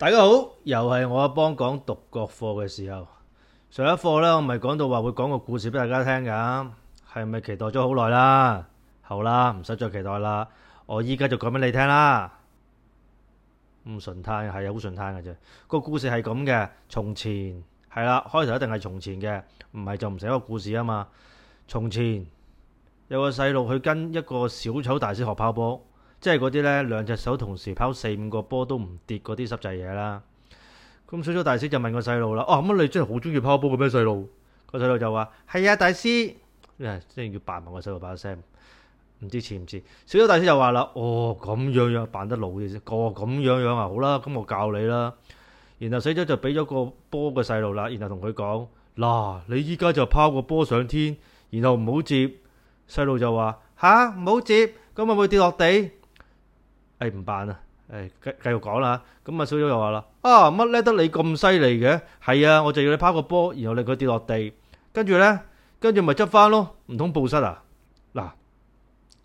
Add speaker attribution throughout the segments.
Speaker 1: 大家好，又係我阿邦講獨角課嘅時候。上一課咧，我咪講到話會講個故事俾大家聽噶，係咪期待咗好耐啦？好啦，唔使再期待啦，我依家就講俾你聽啦。唔順攤係啊，好順攤嘅啫。個故事係咁嘅，從前係啦，開頭一定係從前嘅，唔係就唔成一個故事啊嘛。從前有個細路去跟一個小丑大師學拋波。即係嗰啲咧，兩隻手同時拋四五個波都唔跌嗰啲濕滯嘢啦。咁小周大師就問個細路啦：，哦、啊，咁、嗯、你真係好中意拋波嘅咩細路？個細路就話：，係啊，大師。真係要扮埋個細路把聲，唔知似唔似？小周大師就話啦：，哦，咁樣樣扮得老嘅啫，個、哦、咁樣樣啊好啦，咁我教你啦。然後小周就俾咗個波嘅細路啦，然後同佢講：，嗱，你依家就拋個波上天，然後唔好接。細路就話：，吓、啊，唔好接，咁咪會跌落地。誒，唔辦唉小小啊！誒，繼繼續講啦吓，咁啊，小友又話啦，啊，乜叻得你咁犀利嘅？係啊，我就要你拋個波，然後令佢跌落地，跟住咧，跟住咪執翻咯，唔通報失啊？嗱，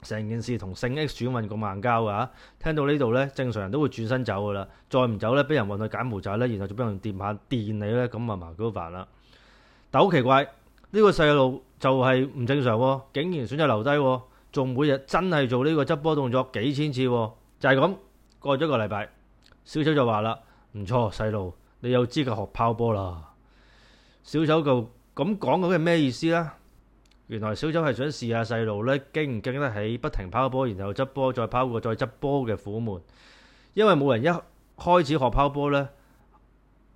Speaker 1: 成件事同聖 X 轉運咁硬交噶吓，聽到呢度咧，正常人都會轉身走噶啦，再唔走咧，俾人運去柬埔寨咧，然後就俾人掂下電你咧，咁啊麻鬼煩啦！但好奇怪，呢、這個細路就係唔正常，竟然選擇留低，仲每日真係做呢個執波動作幾千次，啊。就係咁過咗一個禮拜，小丑就話啦：唔錯，細路，你有資格學拋波啦！小丑就咁講係咩意思呢？原來小丑係想試下細路呢，經唔經得起不停拋波，然後執波再拋過再執波嘅苦悶。因為冇人一開始學拋波呢，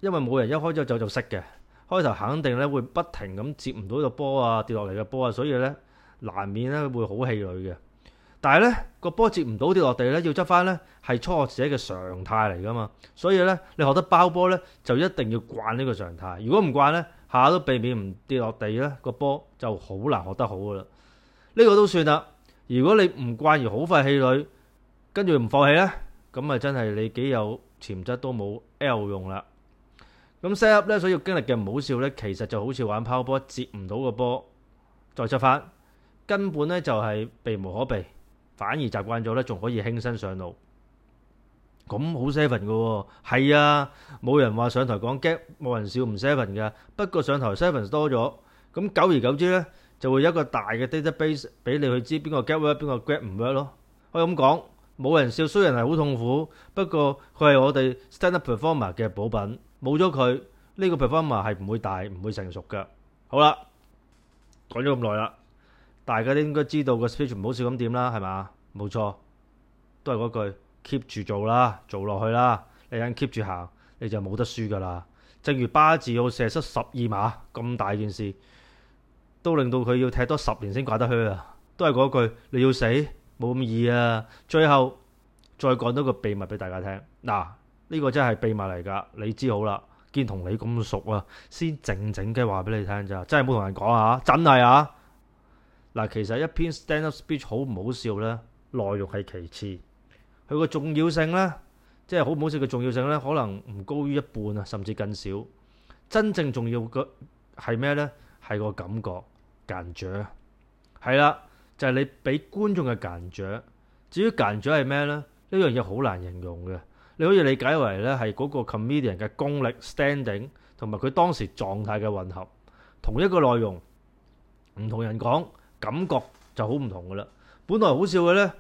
Speaker 1: 因為冇人一開始就就識嘅，開頭肯定呢會不停咁接唔到個波啊，跌落嚟嘅波啊，所以呢，難免呢會好氣餒嘅。但係咧，個波接唔到跌落地咧，要執翻咧，係初學者嘅常態嚟噶嘛。所以咧，你學得拋波咧，就一定要慣呢個常態。如果唔慣咧，下下都避免唔跌落地咧，個波就好難學得好噶啦。呢、這個都算啦。如果你唔慣而好快氣餒，跟住唔放棄咧，咁啊真係你幾有潛質都冇 L 用啦。咁 set up 咧，所以要經歷嘅唔好笑咧，其實就好似玩拋波，接唔到個波再執翻，根本咧就係、是、避無可避。反而習慣咗咧，仲可以輕身上路，咁好 seven 嘅喎。係啊，冇人話上台講 gag，冇人笑唔 seven 嘅。不過上台 seven 多咗，咁久而久之咧，就會有一個大嘅 database 俾你去知邊個 gag work，邊個 gag 唔 work 咯、嗯。可以咁講，冇人笑，雖然係好痛苦，不過佢係我哋 stand up performer 嘅補品。冇咗佢，呢個 performer 係唔會大，唔會成熟嘅。好啦，講咗咁耐啦。大家都應該知道個 GAG 唔好笑咁點啦，係嘛？冇錯，都係嗰句 keep 住做啦，做落去啦。你肯 keep 住行，你就冇得輸㗎啦。正如巴治奧射失十二碼咁大件事，都令到佢要踢多十年先掛得靴啊。都係嗰句，你要死冇咁易啊。最後再講多個秘密俾大家聽。嗱，呢個真係秘密嚟㗎，你知好啦。見同你咁熟啊，先靜靜嘅話俾你聽咋，真係冇同人講啊，真係啊！嗱，其實一篇 stand-up speech 好唔好笑咧，內容係其次，佢個重要性咧，即係好唔好笑嘅重要性咧，可能唔高於一半啊，甚至更少。真正重要嘅係咩咧？係個感覺，間著係啦，就係、是、你俾觀眾嘅間著。至於間著係咩咧？呢樣嘢好難形容嘅，你可以理解為咧係嗰個 comedian 嘅功力、standing 同埋佢當時狀態嘅混合。同一個內容，唔同人講。感覺就好唔同噶啦，本來好笑嘅呢，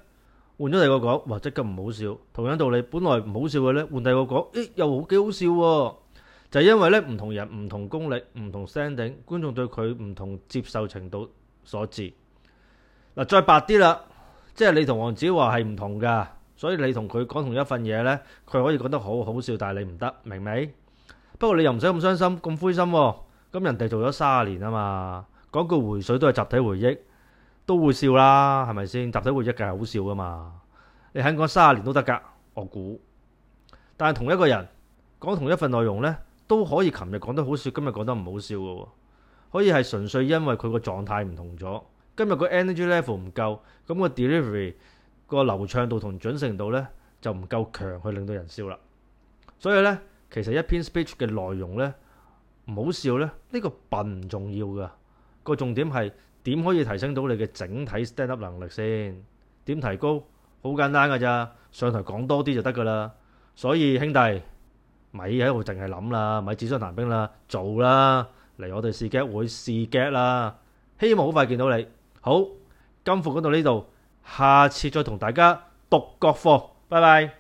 Speaker 1: 換咗第二個講，哇即刻唔好笑。同樣道理，本來唔好笑嘅呢，換第二個講，咦又幾好笑喎！就係、是、因為呢，唔同人、唔同功力、唔同 sending，觀眾對佢唔同接受程度所致。嗱，再白啲啦，即係你同黃子華係唔同噶，所以你同佢講同一份嘢呢，佢可以覺得好好笑，但係你唔得，明未？不過你又唔使咁傷心、咁灰心，啊。咁人哋做咗三十年啊嘛，講句回水都係集體回憶。都會笑啦，係咪先？集體會一梗係好笑噶嘛？你肯講三十年都得噶，我估。但係同一個人講同一份內容呢，都可以。琴日講得好笑，今日講得唔好笑噶喎。可以係純粹因為佢個狀態唔同咗，今日個 energy level 唔夠，咁個 delivery 個流暢度同準成度呢，就唔夠強去令到人笑啦。所以呢，其實一篇 speech 嘅內容呢，唔好笑呢，呢個笨唔重要噶，個重點係。點可以提升到你嘅整體 stand up 能力先？點提高？好簡單㗎咋，上台講多啲就得噶啦。所以兄弟，咪喺度淨係諗啦，咪紙上談兵啦，做啦，嚟我哋試鏡會試鏡啦。希望好快見到你。好，今課講到呢度，下次再同大家讀獨角課。拜拜。